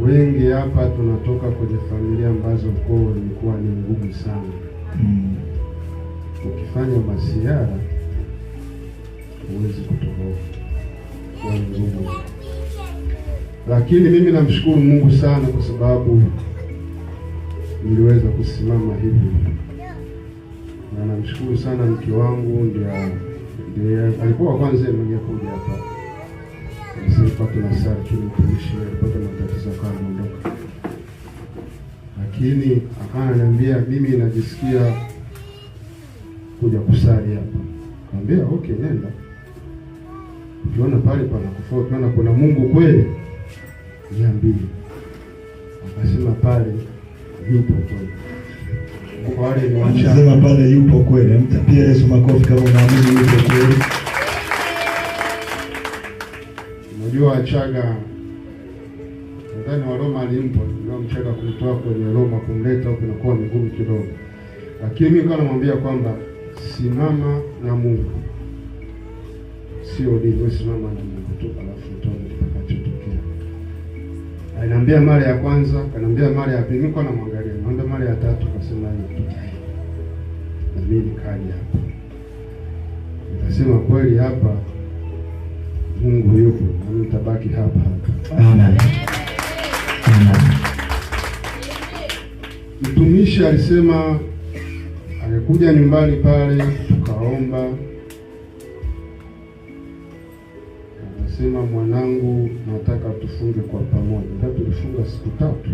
wengi hapa tunatoka kwenye familia ambazo ukoo ulikuwa ni ngumu sana mm. Ukifanya masiara huwezi kutoboa ngumu, lakini mimi namshukuru Mungu sana kwa sababu niliweza kusimama hivi, na namshukuru sana mke wangu, ndio alikuwa kwanza mwenye kuja hapa nisipate chini matatizo Lakini akawa ananiambia mimi najisikia kuja kusali hapa. kambia okay, nenda ukiona pale pana kufua, ukiona kuna Mungu kweli niambie. Akasema pale yupo kweli wale ni wachama pale, yupo kweli. Mtapia Yesu makofi kama unaamini yupo kweli. Unajua Wachaga nadhani Waroma alimpa ndio Mchaga kumtoa kwenye Roma kumleta huko inakuwa ni kidogo, lakini mimi kwa namwambia kwamba simama na Mungu, sio ndivyo, simama na Mungu tu, alafu tuone kitakachotokea. Aliniambia mara ya kwanza, akaniambia mara ya pili, kwa namwangalia, naomba mara ya tatu, akasema hivi, na mimi nikaja hapa, nikasema kweli hapa Mungu yupo na nitabaki hapa hapa. Amen. Amen. Mtumishi alisema angekuja nyumbani pale, tukaomba, anasema mwanangu, nataka tufunge kwa pamoja. Ndio tulifunga siku tatu,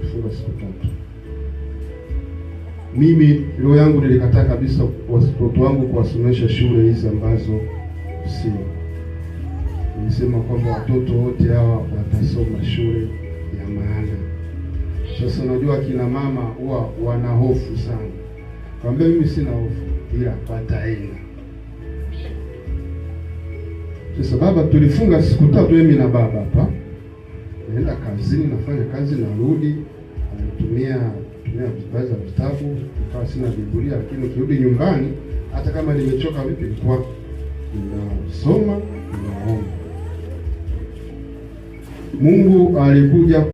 tulifunga siku tatu. Mimi roho yangu nilikataa kabisa watoto wangu kuwasomesha shule hizi ambazo sio nilisema kwamba watoto wote hawa watasoma shule ya maana. Sasa unajua kina mama huwa wana hofu sana, kwamba mimi sina hofu, ila wataenda. Sasa baba, tulifunga siku tatu, mimi na baba hapa, naenda kazini, nafanya kazi, narudi, natumia tumia baadhi ya vitabu, nikawa sina Biblia, lakini ukirudi nyumbani, hata kama nimechoka vipi, nilikuwa ninasoma ninaomba Mungu alikuja